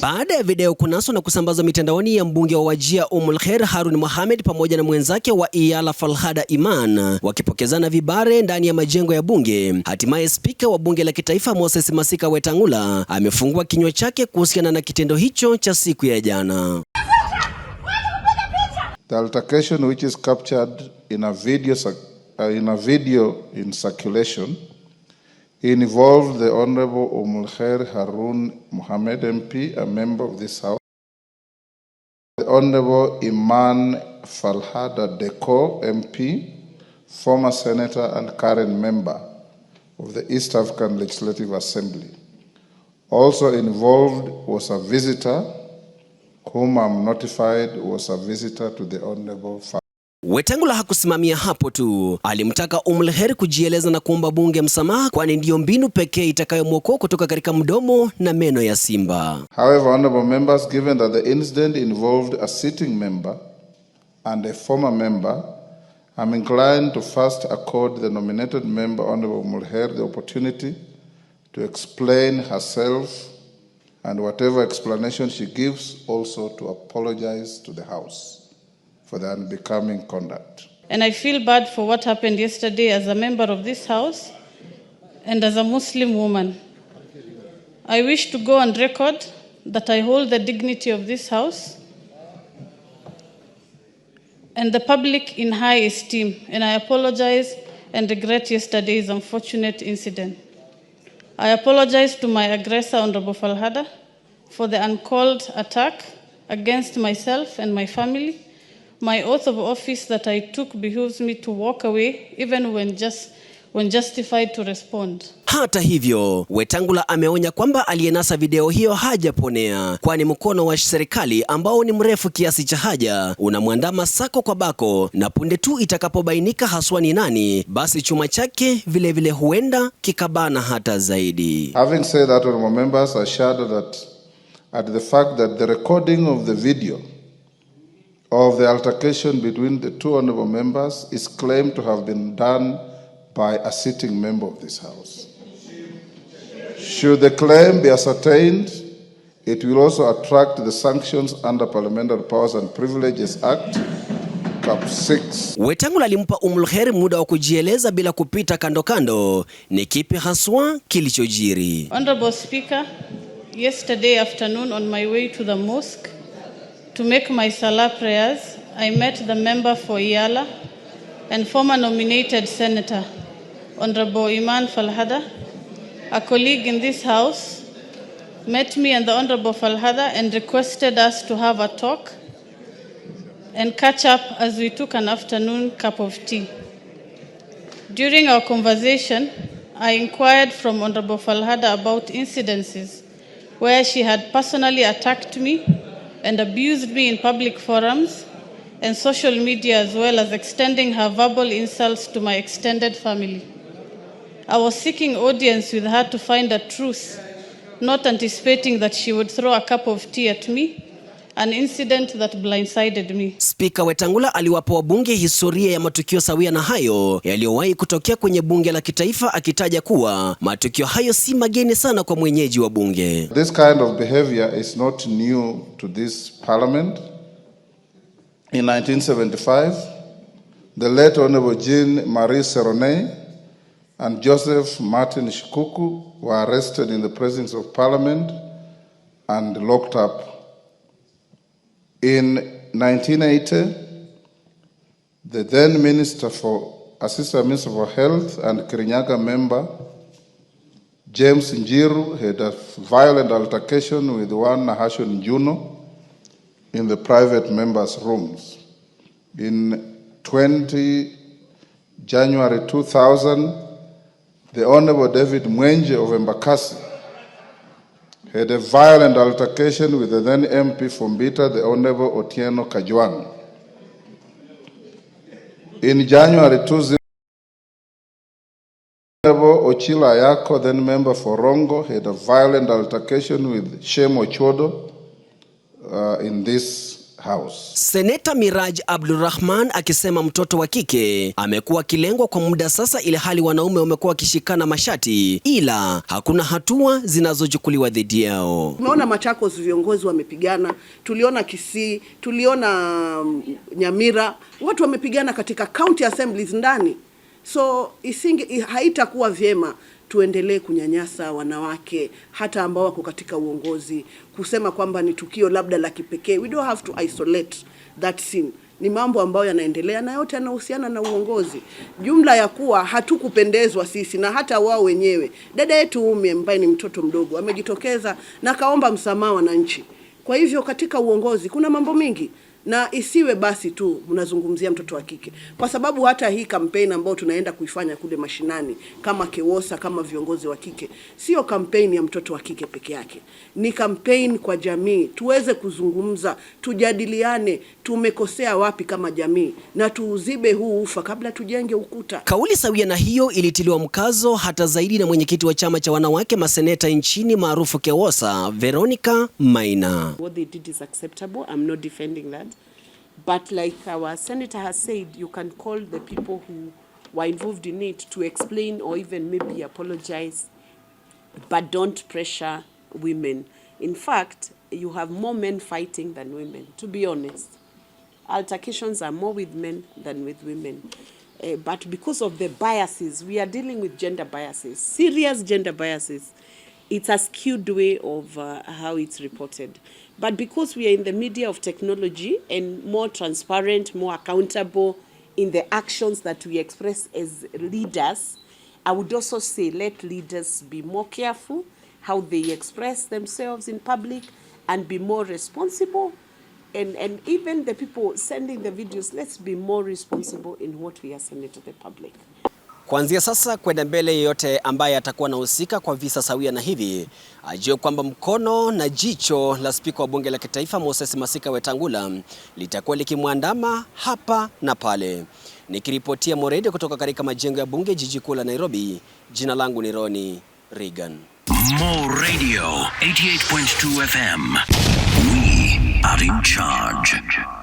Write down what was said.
Baada ya video kunaswa na kusambazwa mitandaoni ya mbunge wa wajia Ummul Harun Mohamed pamoja na mwenzake wa Iyala Falhada Iman wakipokezana vibare ndani ya majengo ya bunge, hatimaye spika wa bunge la kitaifa Moses Masika Wetangula amefungua kinywa chake kuhusiana na kitendo hicho cha siku ya jana. The altercation which is captured in a video, uh, in a video in circulation involved the Honorable Umulher Harun Mohammed MP, a member of this House, the Honorable Iman Falhada Deko MP, former senator and current member of the East African Legislative Assembly. Also involved was a visitor, whom I'm notified was a visitor to the Honorable Wetangula hakusimamia hapo tu, alimtaka Umlheri kujieleza na kuomba bunge msamaha, kwani ndiyo mbinu pekee itakayomwokoa kutoka katika mdomo na meno ya simba. However, honorable members, given that the incident involved a sitting member and a former member, I'm inclined to first accord the nominated member honorable Umlheri, the opportunity to explain herself and whatever explanation she gives also to apologize to the house. for the unbecoming conduct. And I feel bad for what happened yesterday as a member of this House and as a Muslim woman. I wish to go on record that I hold the dignity of this House and the public in high esteem, and I apologize and regret yesterday's unfortunate incident. I apologize to my aggressor, Honorable Falhada, for the uncalled attack against myself and my family My oath of office that I took behooves me to walk away even when just When justified to respond. Hata hivyo, Wetangula ameonya kwamba aliyenasa video hiyo hajaponea, kwani mkono wa serikali ambao ni mrefu kiasi cha haja unamwandama sako kwa bako, na punde tu itakapobainika haswa ni nani, basi chuma chake vile vile huenda kikabana hata zaidi. Having said that, honorable members, I shudder that at the fact that the recording of the video of the altercation between the two honorable members is claimed to have been done by a sitting member of this House. Should the claim be ascertained, it will also attract the sanctions under Parliamentary Powers and Privileges Act. Wetangula alimpa Umulkheri muda wa kujieleza bila kupita kando kando. Ni kipi haswa kilichojiri? Honorable Speaker, yesterday afternoon on my way to the mosque To make my Salah prayers, I met the member for Yala and former nominated Senator, Honorable Iman Falhada, a colleague in this House, met me and the Honorable Falhada and requested us to have a talk and catch up as we took an afternoon cup of tea. During our conversation, I inquired from Honorable Falhada about incidences where she had personally attacked me and abused me in public forums and social media, as well as extending her verbal insults to my extended family. I was seeking audience with her to find a truth, not anticipating that she would throw a cup of tea at me An incident that blindsided me. Spika Wetangula aliwapa wabunge historia ya matukio sawia na hayo yaliyowahi kutokea kwenye bunge la kitaifa akitaja kuwa matukio hayo si mageni sana kwa mwenyeji wa bunge. This kind of behavior is not new to this parliament. In 1975, the late Honorable Jean Marie Seroney and Joseph Martin Shikuku were arrested in the presence of parliament and locked up. In 1980, the then Minister for Assistant Minister for Health and Kirinyaga member, James Njiru, had a violent altercation with one Nahashon Juno in the private members' rooms. In 20 January 2000, the Honorable David Mwenje of Embakasi had a violent altercation with the then MP from Bita, the Honorable Otieno Kajuan. In January 2000, Honorable Ochila Ayako, then member for Rongo, had a violent altercation with Shemo Chodo uh, in this House. Seneta Miraj Abdulrahman akisema mtoto wa kike amekuwa akilengwa kwa muda sasa, ili hali wanaume wamekuwa wakishikana mashati, ila hakuna hatua zinazochukuliwa dhidi yao. Tumeona Machakos viongozi wamepigana, tuliona Kisii, tuliona um, Nyamira, watu wamepigana katika county assemblies ndani, so isinge haitakuwa vyema tuendelee kunyanyasa wanawake hata ambao wako katika uongozi, kusema kwamba ni tukio labda la kipekee. We don't have to isolate that scene. Ni mambo ambayo yanaendelea na yote yanahusiana na uongozi, jumla ya kuwa hatukupendezwa sisi na hata wao wenyewe. Dada yetu Ummy ambaye ni mtoto mdogo amejitokeza na kaomba msamaha wananchi. Kwa hivyo katika uongozi kuna mambo mengi na isiwe basi tu mnazungumzia mtoto wa kike, kwa sababu hata hii kampeni ambayo tunaenda kuifanya kule mashinani kama KEWOSA kama viongozi wa kike, sio kampeni ya mtoto wa kike peke yake, ni kampeni kwa jamii, tuweze kuzungumza, tujadiliane, tumekosea wapi kama jamii, na tuuzibe huu ufa kabla tujenge ukuta. Kauli sawia na hiyo ilitiliwa mkazo hata zaidi na mwenyekiti wa chama cha wanawake maseneta nchini maarufu KEWOSA, Veronica Maina. What they did is acceptable. I'm not defending that. But like our senator has said, you can call the people who were involved in it to explain or even maybe apologize, but don't pressure women. In fact, you have more men fighting than women, to be honest. Altercations are more with men than with women. Uh, but because of the biases, we are dealing with gender biases, serious gender biases it's a skewed way of uh, how it's reported. But because we are in the media of technology and more transparent, more accountable in the actions that we express as leaders, I would also say let leaders be more careful how they express themselves in public and be more responsible. And, and even the people sending the videos, let's be more responsible in what we are sending to the public. Kuanzia sasa kwenda mbele, yeyote ambaye atakuwa anahusika kwa visa sawia na hivi ajue kwamba mkono na jicho la spika wa bunge la kitaifa Moses Masika Wetangula litakuwa likimwandama hapa na pale. Nikiripotia Morede kutoka katika majengo ya bunge jiji kuu la Nairobi, jina langu ni Roni Reagan. Mo Radio 88.2 FM. We are in charge.